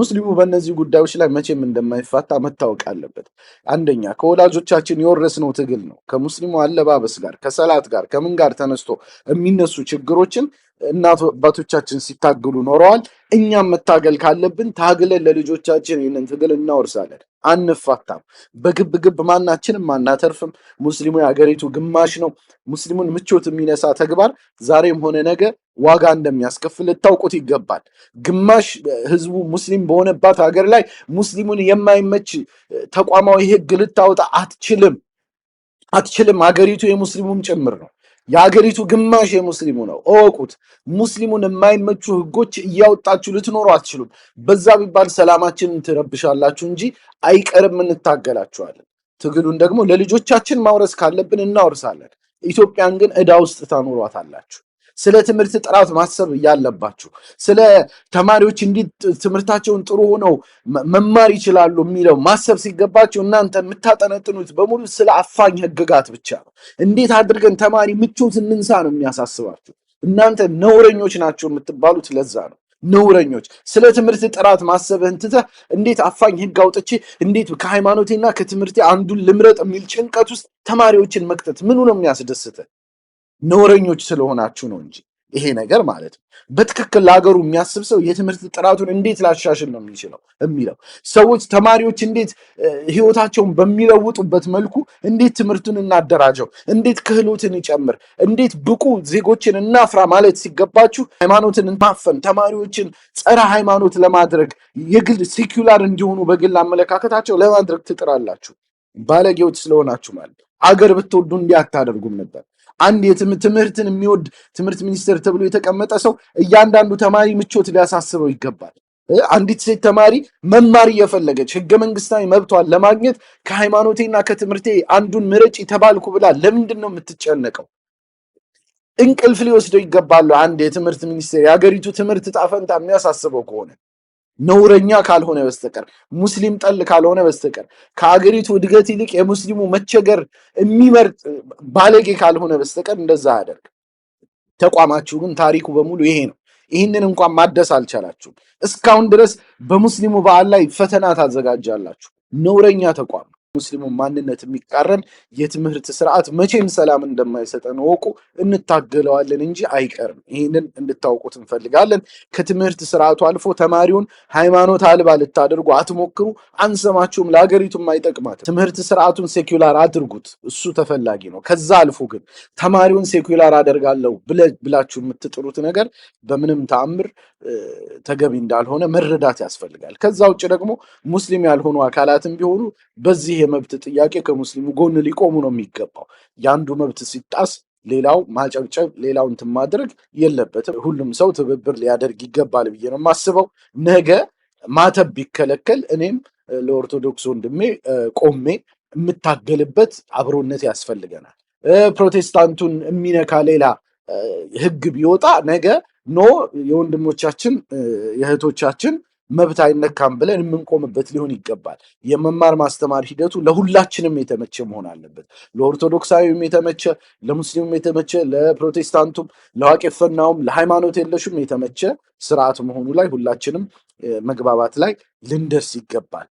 ሙስሊሙ በእነዚህ ጉዳዮች ላይ መቼም እንደማይፋታ መታወቅ አለበት። አንደኛ ከወላጆቻችን የወረስነው ትግል ነው። ከሙስሊሙ አለባበስ ጋር፣ ከሰላት ጋር፣ ከምን ጋር ተነስቶ የሚነሱ ችግሮችን እናት አባቶቻችን ሲታግሉ ኖረዋል። እኛም መታገል ካለብን ታግለን ለልጆቻችን ይህንን ትግል እናወርሳለን። አንፋታም። በግብ ግብ ማናችንም አናተርፍም። ሙስሊሙ የሀገሪቱ ግማሽ ነው። ሙስሊሙን ምቾት የሚነሳ ተግባር ዛሬም ሆነ ነገ ዋጋ እንደሚያስከፍል ልታውቁት ይገባል። ግማሽ ህዝቡ ሙስሊም በሆነባት ሀገር ላይ ሙስሊሙን የማይመች ተቋማዊ ህግ ልታወጣ አትችልም አትችልም። ሀገሪቱ የሙስሊሙም ጭምር ነው። የሀገሪቱ ግማሽ የሙስሊሙ ነው። እወቁት። ሙስሊሙን የማይመቹ ህጎች እያወጣችሁ ልትኖሩ አትችሉም። በዛ ቢባል ሰላማችን ትረብሻላችሁ እንጂ አይቀርም፣ እንታገላችኋለን። ትግሉን ደግሞ ለልጆቻችን ማውረስ ካለብን እናወርሳለን። ኢትዮጵያን ግን እዳ ውስጥ ታኖሯታላችሁ። ስለ ትምህርት ጥራት ማሰብ ያለባችሁ፣ ስለ ተማሪዎች እንዲህ ትምህርታቸውን ጥሩ ሆነው መማር ይችላሉ የሚለው ማሰብ ሲገባችሁ እናንተ የምታጠነጥኑት በሙሉ ስለ አፋኝ ህግጋት ብቻ ነው። እንዴት አድርገን ተማሪ ምቾት እንንሳ ነው የሚያሳስባችሁ። እናንተ ነውረኞች ናቸው የምትባሉት ለዛ ነው። ነውረኞች ስለ ትምህርት ጥራት ማሰብህን ትተህ እንዴት አፋኝ ህግ አውጥቼ እንዴት ከሃይማኖቴና ከትምህርቴ አንዱን ልምረጥ የሚል ጭንቀት ውስጥ ተማሪዎችን መክተት ምኑ ነው የሚያስደስትህ? ነውረኞች ስለሆናችሁ ነው እንጂ ይሄ ነገር ማለት ነው። በትክክል ለሀገሩ የሚያስብ ሰው የትምህርት ጥራቱን እንዴት ላሻሽል ነው የሚችለው የሚለው ሰዎች ተማሪዎች እንዴት ህይወታቸውን በሚለውጡበት መልኩ እንዴት ትምህርቱን እናደራጀው፣ እንዴት ክህሎትን ይጨምር፣ እንዴት ብቁ ዜጎችን እናፍራ ማለት ሲገባችሁ ሃይማኖትን ማፈን፣ ተማሪዎችን ጸረ ሃይማኖት ለማድረግ የግል ሴኩላር እንዲሆኑ በግል አመለካከታቸው ለማድረግ ትጥራላችሁ። ባለጌዎች ስለሆናችሁ ማለት አገር ብትወዱ እንዲህ አታደርጉም ነበር። አንድ ትምህርትን የሚወድ ትምህርት ሚኒስቴር ተብሎ የተቀመጠ ሰው እያንዳንዱ ተማሪ ምቾት ሊያሳስበው ይገባል። አንዲት ሴት ተማሪ መማር እየፈለገች ህገ መንግስታዊ መብቷን ለማግኘት ከሃይማኖቴና ከትምህርቴ አንዱን ምረጭ ተባልኩ ብላ ለምንድን ነው የምትጨነቀው? እንቅልፍ ሊወስደው ይገባሉ። አንድ የትምህርት ሚኒስቴር የሀገሪቱ ትምህርት ጣፈንታ የሚያሳስበው ከሆነ ነውረኛ ካልሆነ በስተቀር ሙስሊም ጠል ካልሆነ በስተቀር ከአገሪቱ እድገት ይልቅ የሙስሊሙ መቸገር የሚመርጥ ባለጌ ካልሆነ በስተቀር እንደዛ አያደርግ። ተቋማችሁ ግን ታሪኩ በሙሉ ይሄ ነው። ይህንን እንኳን ማደስ አልቻላችሁም። እስካሁን ድረስ በሙስሊሙ በዓል ላይ ፈተና ታዘጋጃላችሁ። ነውረኛ ተቋም ሙስሊሙ ማንነት የሚቃረን የትምህርት ስርዓት መቼም ሰላም እንደማይሰጠን ወቁ። እንታገለዋለን እንጂ አይቀርም። ይህንን እንድታውቁት እንፈልጋለን። ከትምህርት ስርዓቱ አልፎ ተማሪውን ሃይማኖት አልባ ልታደርጉ አትሞክሩ። አንሰማችሁም፣ ለሀገሪቱም አይጠቅማትም። ትምህርት ስርዓቱን ሴኩላር አድርጉት፣ እሱ ተፈላጊ ነው። ከዛ አልፎ ግን ተማሪውን ሴኩላር አደርጋለሁ ብላችሁ የምትጥሩት ነገር በምንም ተአምር ተገቢ እንዳልሆነ መረዳት ያስፈልጋል። ከዛ ውጭ ደግሞ ሙስሊም ያልሆኑ አካላትም ቢሆኑ በዚህ የመብት ጥያቄ ከሙስሊሙ ጎን ሊቆሙ ነው የሚገባው። የአንዱ መብት ሲጣስ ሌላው ማጨብጨብ፣ ሌላው እንትን ማድረግ የለበትም። ሁሉም ሰው ትብብር ሊያደርግ ይገባል ብዬ ነው የማስበው። ነገ ማተብ ቢከለከል እኔም ለኦርቶዶክስ ወንድሜ ቆሜ የምታገልበት አብሮነት ያስፈልገናል። ፕሮቴስታንቱን የሚነካ ሌላ ህግ ቢወጣ ነገ ኖ የወንድሞቻችን የእህቶቻችን መብት አይነካም ብለን የምንቆምበት ሊሆን ይገባል። የመማር ማስተማር ሂደቱ ለሁላችንም የተመቸ መሆን አለበት። ለኦርቶዶክሳዊም የተመቸ፣ ለሙስሊሙም የተመቸ፣ ለፕሮቴስታንቱም፣ ለዋቄፈናውም፣ ለሃይማኖት የለሹም የተመቸ ስርዓት መሆኑ ላይ ሁላችንም መግባባት ላይ ልንደርስ ይገባል።